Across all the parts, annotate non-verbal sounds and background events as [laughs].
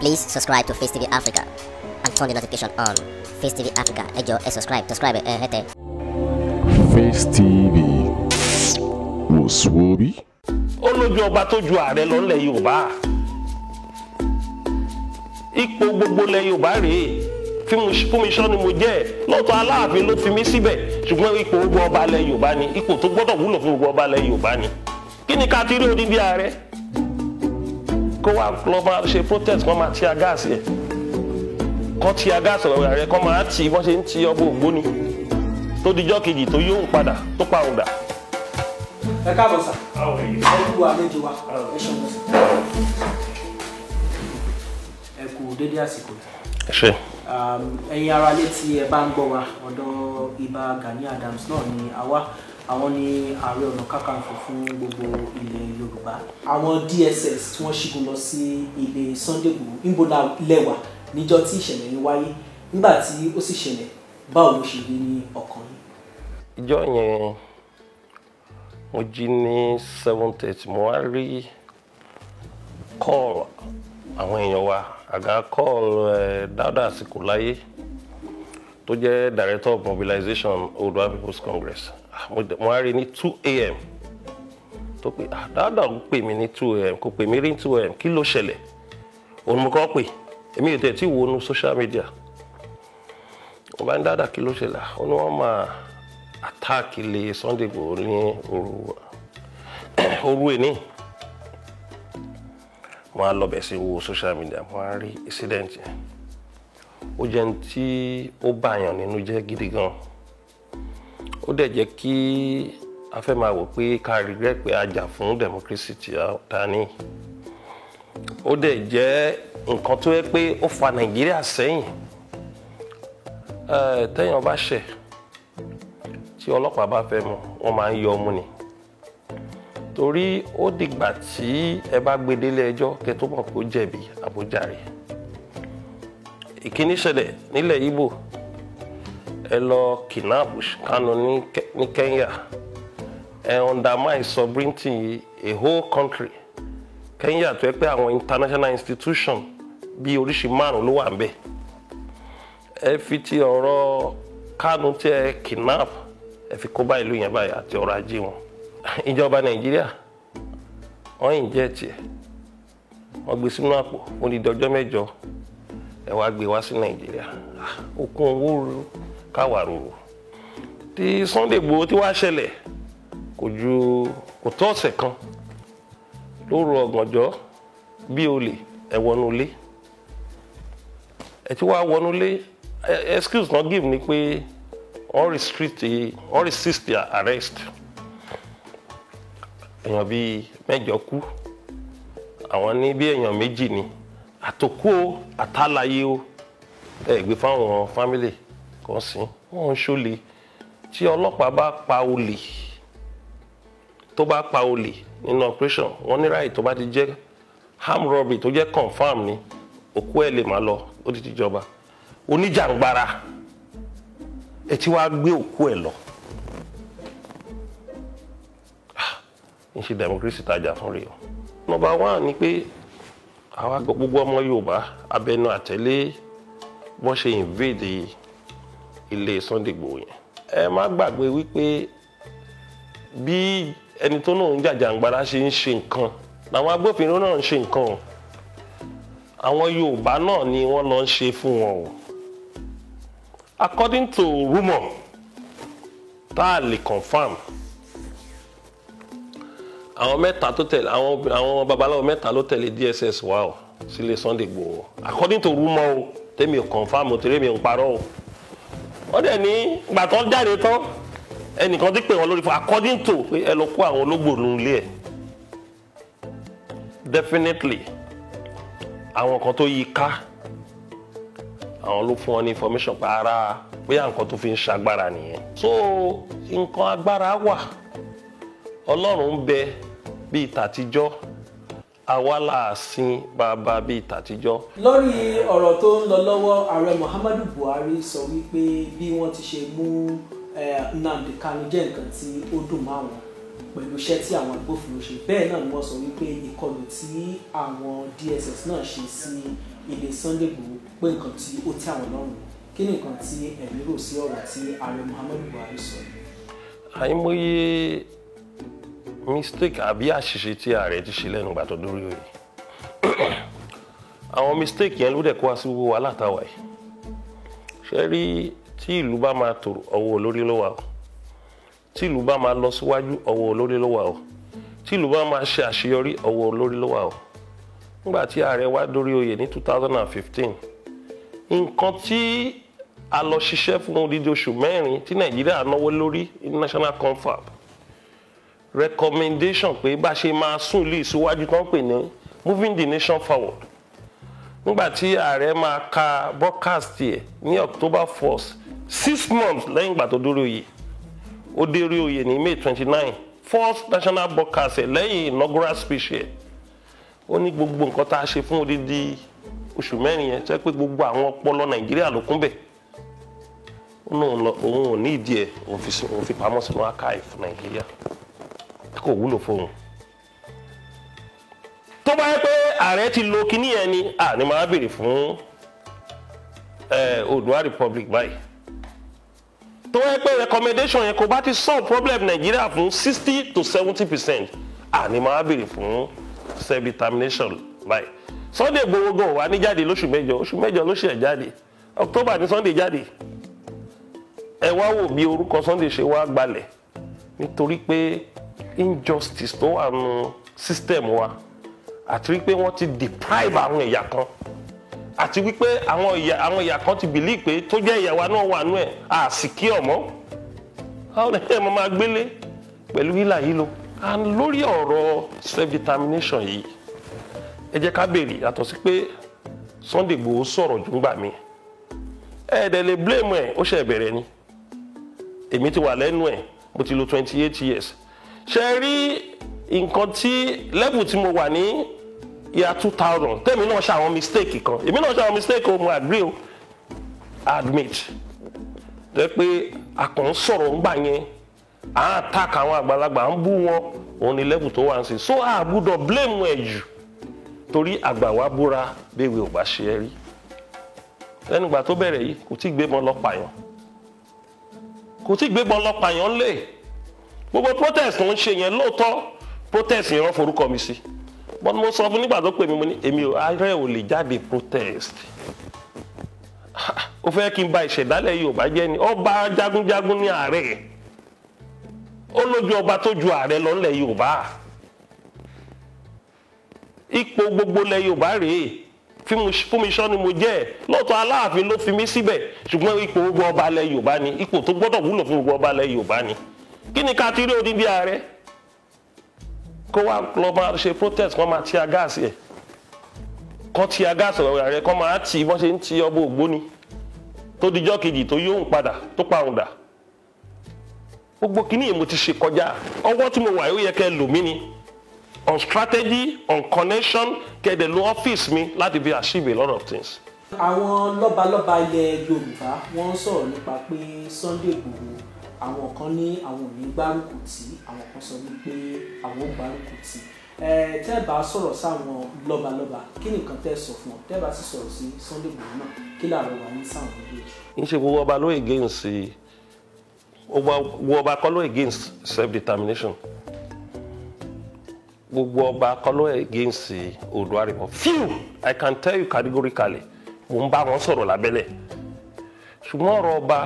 Please subscribe to Face TV Africa and turn the notification on. Face TV Africa, ẹ jọ̀ọ́ subscribe, subscribe eh? hẹ́tẹ̀. Face TV wò sùn orí. Ó lójú ọba tó ju ààrẹ lọ nílẹ̀ Yorùbá. Ipò gbogbo lẹ̀ Yorùbá rèé fún mi sọ ni mo jẹ́ lọ́tọ̀ Aláàfin ló fi mí síbẹ̀ ṣùgbọ́n ipò gbogbo ọba lẹ̀ Yorùbá ni ipò tó gbọ́dọ̀ wúlò fún gbogbo ọba lẹ̀ Yorùbá ni kí ni ká ti rí odindi ààrẹ kó wá lọ máa ṣe protest kó máa tíya gáàsì ẹ̀ kó tíya gáàsì ọ̀rọ̀ rẹ̀ kó máa tì bó ṣe ń ti ọgbọ́n ògbóni tó dijọ́ kejì tó yóò padà tó pa òun dà. ẹ káàbọ̀ sà ẹ kú àlejò wa ẹ ṣọ̀gbọ́n sà ẹ kú dédé àsìkò yìí ẹ̀yin ará létí ẹ bá ń gbọ́ wa ọ̀dọ̀ Ìbà Gani Adams náà ni àwa àwọn ni ààrẹ ọ̀nà kàkàǹfò fún gbogbo ilẹ̀ yorùbá àwọn dss tí wọ́n ṣígun lọ sí ilé sunday igbòho níbo la lẹ́wà níjọ́ tí ìṣẹ̀lẹ̀ yìí wáyé nígbà tí ó sì ṣẹlẹ̀ báwo ló ṣe rí ní ọkàn yìí. ìjọ yẹn mo jí ní seven thirty mo wá rí call àwọn èèyàn wa àga call eh, dáadáa àsìkò láyé tó jẹ́ director of mobilization Oodua People's Congress ah, mo á rí ní two a.m. tó pé ah, dáadáa ó pè mí ní two a.m. kò pè mí rí ní two a.m. kí ló ṣẹlẹ̀ òun mo kọ́ pè èmi ètò ẹ̀ tí wo nu social media mo bá ń dáadáa kí ló ṣẹlẹ̀ ó ní wọ́n máa attack ilé Sunday Igboho ní òru [clears throat] òru èní mo á lọ bẹ̀ sí wo social media mo á rí incident yẹn ó jẹ́ ní tí ó bàyàn nínú jẹ́ gidi gan ó dẹ̀ jẹ́ kí a fẹ́ máa wò pé ká regret pé a jà fún democracy tí a ta ní ó dẹ̀ jẹ́ nǹkan tó yẹ pé ó fa Nàìjíríà sẹ́yìn eh, tẹ́yàn bá ṣẹ̀ tí ọlọ́pàá bá fẹ́ mọ̀ wọ́n máa ń yọ ọmú ni torí ó dìgbà tí ẹ bá gbé délé ẹjọ́ kẹ́ tó mọ̀ pé ó jẹ̀bi àbójáre. ìkíní ṣẹlẹ̀ nílẹ̀ Igbo: ẹ lọ kidnap Kanu ní Kenya ẹ undermine sovereignty a whole country Kenya tó yẹ pé àwọn international institution bí oríṣi márùn ló wà ń ẹ fi ti ọ̀rọ̀ Kanu tí ẹ kidnap ẹ fi kó bá ìlú yẹn báyìí àti ọrọ̀ ajé wọn ìjọba Nàìjíríà yìí gbé sínú àpò ẹ wá gbé wá sí nàìjíríà ah, okun owó ru káwà rorò tí Sunday Igboho tí wàá ṣẹlẹ̀ kò ju kò tó ọ̀sẹ̀ kan lóru ọ̀gànjọ́ bí olè ẹ wọnú ilé ẹ ti wá wọnú ilé excuse not give ni pé wọ́n restrict wọ́n resist their arrest èèyàn bíi mẹ́jọ kú àwọn ní bí èèyàn méjì ni àtòkù o àtàlàyé o ẹ gbé fáwọn fámìlì kan sí wọn ń ṣọlẹ tí ọlọ́pàá bá pa olè tó bá pa olè nínú operation wọn ní ráàyè tó bá ti jẹ́ arm robbery tó jẹ́ confam ni òkú ẹ̀ lè má lọ ó ti ti jọba oníjàngbara ẹ ti wá gbé òkú ẹ̀ lọ. ń ah, ṣe democracy tajà fún rèé o number one ni pé àwa pé gbogbo ọmọ Yorùbá abẹnú àtẹlé wọ́n ṣe invade ilé Sunday Igboho yẹn ẹ má gbàgbé wípé bí ẹni tó náà ń jàjàǹgbara ṣe ń ṣe nǹkan làwọn agbófinró náà ń ṣe nǹkan àwọn Yorùbá náà ni wọ́n lọ ń ṣe fún wọn o according to rumour tá a lè confam àwọn mẹ́ta tó tẹ̀lé àwọn babaláwo mẹ́ta ló tẹ̀lé DSS wa o sílé Sunday Igboho according to rumor o tèmi ò confam o tèmi ò ń parọ́ o wọ́n dẹ̀ ní ìgbà tán jáde tán ẹnìkan ti pè wọ́n lórí fún according to pé ẹ lọ kó àwọn olóògbòrún ilé ẹ̀ definitely àwọn kan tó yí ká àwọn ló fún wọn ní information pé ara bóyá nǹkan tó fi ń ṣagbára nìyẹn so nǹkan agbára wà ọlọ́run ń bẹ bíi tàtijọ́ awala sin bàbá bíi tàtijọ́. lórí ọ̀rọ̀ tó ń lọ lọ́wọ́ ààrẹ muhammadu buhari sọ wípé bí wọ́n ti ṣe mú nnamdi kanu jẹ́ nǹkan tí ó dùn mọ́ àwọn pẹ̀lú iṣẹ́ tí àwọn agbófinró ṣe bẹ́ẹ̀ náà ni wọ́n sọ wípé ìkọlù tí àwọn dss náà ṣe sí ilé sunday igbòho pé nǹkan tí ó tẹ́ àwọn lọ́rùn kí ni nǹkan tí ẹ̀mí rò sí ọ̀rọ̀ tí ààrẹ muhammadu buhari sọ. àìmọye mistake àbí àṣìṣe tí ààrẹ ti ṣe lẹ́nu ìgbà tó dórí òye [clears throat] àwọn mistake yẹn ló dẹ̀ kó wá sí gbogbo wa látàwà yìí ṣe rí tí ìlú bá máa tòrò ọwọ́ olórí ló tí ìlú bá máa lọ síwájú ọwọ́ olórí ló tí ìlú bá máa ṣe àṣeyọrí ọwọ́ olórí ló nígbà tí ààrẹ wá dórí oyè ní 2015 nǹkan tí a lọ ṣiṣẹ́ fún odidi oṣù mẹ́rin tí nàìjíríà náwó lórí national confab recommendation pé bá ṣe máa sún ìlú ìsíwájú tó pè ní moving the nation forward nígbà tí ààrẹ máa ka broadcast yẹ ní october 1st six months lẹ́yìn ìgbà tó dórí oyè ó dérí oyè ní may 29 first national broadcast yẹ lẹ́yìn inaugural speech yẹ ó ní gbogbo nǹkan tá a ṣe fún odidi oṣù mẹ́rin yẹn tẹ́ pé gbogbo àwọn ọpọlọ nàìjíríà ló kún bẹ̀ òun ò ní ìdí ẹ̀ òun fi pamọ́ sínú archive nàìjíríà kò wúlò fóun tó bá yẹ pé ààrẹ ti lo kinní yẹn ni à ní máa béèrè fún Oòduà Republic báyìí tó yẹ pé recommendation yẹn kò bá ti solve problem Nigeria fún sixty to seventy percent à ní máa béèrè fún self determination báyìí Sunday Igboho gan wà ní jáde lóṣù mẹ́jọ oṣù mẹ́jọ ló ṣe ẹ jáde October ni Sunday jáde ẹ wá wò bí orúkọ Sunday ṣe wá gbalẹ̀ nítorí pé injustice tó wà nù system wa àti wípé wọ́n ti deprive àwọn ẹ̀yà kan àti wípé àwọn ẹ̀yà àwọn ẹ̀yà kan ti believe pé tó jẹ́ ẹ̀yà wa náà wà nù à secure mọ́ àwọn ẹ̀yà máa máa gbélé pẹ̀lú hílà yìí lo and lórí ọ̀rọ̀ self determination yìí ẹ jẹ́ ká béèrè yàtọ̀ sí pé Sunday Igboho sọ̀rọ̀ ju ń gbà mí ẹ dẹ̀ lè blame ẹ̀ ó ṣe bẹ̀rẹ̀ ni èmi ti wà lẹ́nu ẹ̀ mo ti lò twenty eight years ṣe rí nǹkan tí level tí mo wà ní year two thousand tèmi náà ṣe àwọn mistake kan èmi náà ṣe àwọn mistake o mo agree o admit jẹ́ pé akàn sọ̀rọ̀ ńgbà yẹn à ń attack àwọn àgbàlagbà à ń bú wọn òun ni level tó wà ń sìn so a gbúdọ̀ blame ẹ̀ jù torí àgbà wa búra béèwé ò bá ṣe é rí lẹ́nu ìgbà tó bẹ̀rẹ̀ yìí kò tí gbébọn lọ pààyàn kò tí gbébọn lọ pààyàn lé gbogbo protest tó ń ṣe yẹn lóòótọ́ protest yẹn wọ́n forúkọ mi sí but mo sọ fún nígbà tó pè mí mo ní èmi ò ààrẹ ò lè jáde protest [laughs] ó fẹ́ kí n ba ìṣẹ̀dálẹ̀ Yorùbá jẹ́ ni ọba jagunjagun ní ààrẹ ó lójú ọba tó ju ààrẹ lọ nílẹ̀ Yorùbá ipò gbogbo lẹ̀ Yorùbá rèé fún mi sọ ni mo jẹ́ lóòótọ́ Aláàfin ló fi mí síbẹ̀ ṣùgbọ́n ipò gbogbo ọba lẹ̀ Yorùbá ni ipò tó gbọ́dọ̀ wúlò fún gbogbo ọba lẹ̀ Yorùbá ni kí ni ká ti rí odindi ààrẹ kó wá lọ máa ṣe protest kó máa ti agáàsì ẹ̀ kó ti agáàsì ọ̀rọ̀ ààrẹ kó máa tì bọ́n ṣe ń ti ọbọ̀ ògbóni tó dijọ́ kejì tó yóò ń padà tó parun dà gbogbo kíní yìí mo ti ṣe kọjá ọwọ́ tí mo wà yóò yẹ kẹ́ lò mí ni on strategy on connection kẹ́ẹ̀dẹ̀ lo ọ́fíìsì mi láti fi achieve lot of things. àwọn lọ́balọ́ba ilẹ̀ Yorùbá wọ́n sọ̀rọ̀ nípa pé Sunday Igboho àwọn kan ní àwọn ò ní gbárùkù tí àwọn kan sọ wípé àwọn ò gbárùkù tí tẹ́ bá sọ̀rọ̀ sáwọn lọ́balọ́ba kí nìkan tẹ́ sọ fún ọ tẹ́ sì sọ̀rọ̀ sí Sunday Igboho náà kí làárọ̀ wà ní sáwọn méjèèjì. ń ṣe gbogbo ọba ló against gbogbo ọba kọ́ ló against self determination gbogbo ọba kọ́ ló against Oòduà Republic few I can tell you categorically mo ń bá wọn sọ̀rọ̀ lábẹ́lẹ̀ ṣùgbọ́n ọ̀rọ̀ ọba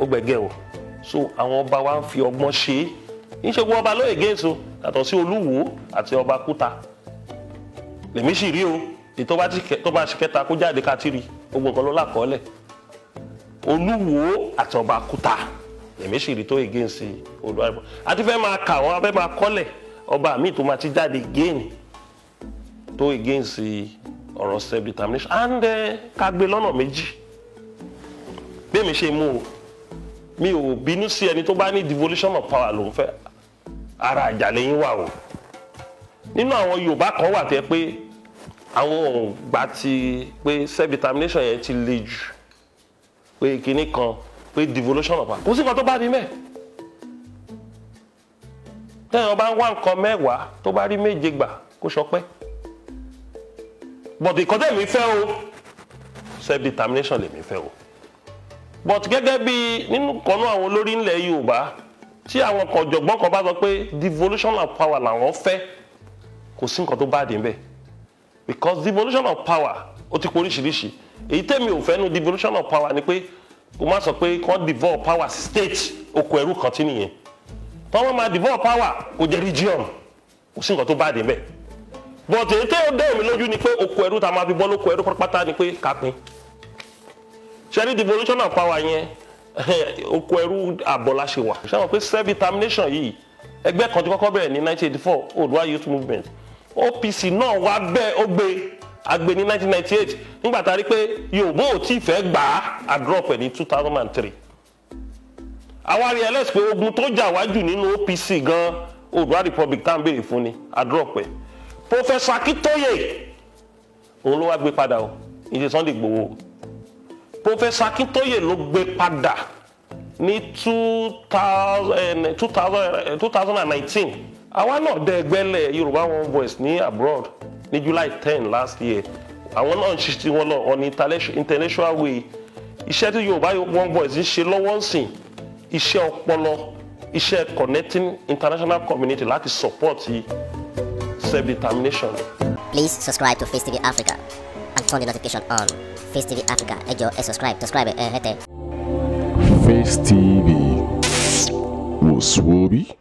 ó gbẹ̀gẹ́ o so àwọn ọba wa ń fi ọgbọ́n ṣe é ń ṣe gbọ́ ọba lóye géèso yàtọ̀ sí olúwo àti ọba kúta lèmi sì rí o èyí tó bá ṣe kẹta kó jáde ká ti rí gbogbo nǹkan ló lákọọ́lẹ̀ olúwo àti ọba kúta lèmi sì rí tó against olúwarẹ̀ àti fẹ́ máa kà wọ́n abẹ́ máa kọ́lẹ̀ ọba mi tó máa ti jáde again tó against ọ̀rọ̀ self determination and eh, ká gbé lọ́nà méjì bẹ́ẹ̀ mi ṣe mú o mi ò bínú sí ẹni tó bá ní devolution of power ló ń fẹ́ ara àjà lẹ́yìn wà o nínú àwọn yorùbá kan wà tẹ́ pé àwọn ò gbà ti pé self determination yẹn ti le jù pé kinní kan pé devolution of power kò sí nǹkan tó bá rí mẹ́ẹ̀ tẹ́yàn bá ń wá nǹkan mẹ́wàá tó bá rí méje gbà kó sọpẹ́ bọ̀dì kọ́tẹ́ mi fẹ́ o self determination lèmi fẹ́ o but gẹ́gẹ́ bí nínú kanú àwọn olórí ńlẹ̀ Yorùbá tí àwọn ọ̀jọ̀gbọ́n kan bá sọ pé devolution of power làwọn fẹ́ kò sí nǹkan tó bá dé ńbẹ̀ because devolution of power ó ti poríṣiríṣi èyí tẹ̀mí ò fẹ́ nu devolution of power ni pé kò má sọ pé kàn devolve power state oko ẹrú kan tí nìyẹn tọ́wọ́n máa devolve power kò jẹ́ region kò sí nǹkan tó bá dé ńbẹ̀ but èyí tẹ́ ó dẹ́ mi lójú ni pé oko ẹrú ta máa fi bọ́ lóko ẹrú pátápátá ni pé kápín ṣẹ́rí devolution of power yẹn [laughs] oko ẹrú àbọ̀ la ṣe wà ṣé wọn pé self determination yìí ẹgbẹ́ kan ti kọ́kọ́ bẹ̀rẹ̀ ní 1984 Oòduà Youth Movement OPC náà wá bẹ́ ó gbé agbe ní 1998 nígbà tá a rí pé Yorùbá ò tí ì fẹ́ gbà á a drop ẹ̀ ní 2003 àwa rí ẹlẹ́sìn pé ogun tó jà wájú nínú OPC gan Oòduà Republic tá à ń béèrè fún ni a drop ẹ̀ Professor Akitoye òun ló wá gbé padà o ìṣe Sunday Igboho professor Akintoye ló gbé padà ní two thousand eh, and eh, nineteen àwa náà dẹ ẹgbẹ́lẹ̀ Yorùbá One Voice ní abroad ní July ten last year àwọn náà ń ṣe tiwọn lọ on international way iṣẹ́ tí Yorùbá One Voice ń ṣe lọ́wọ́ ń sìn iṣẹ́ ọpọlọ iṣẹ́ connecting international community láti support self-determination. Please subscribe to Face TV Africa. turn the notification on. Face TV Africa, ejo, e subscribe, subscribe, eh, hete. Face TV was Swoby.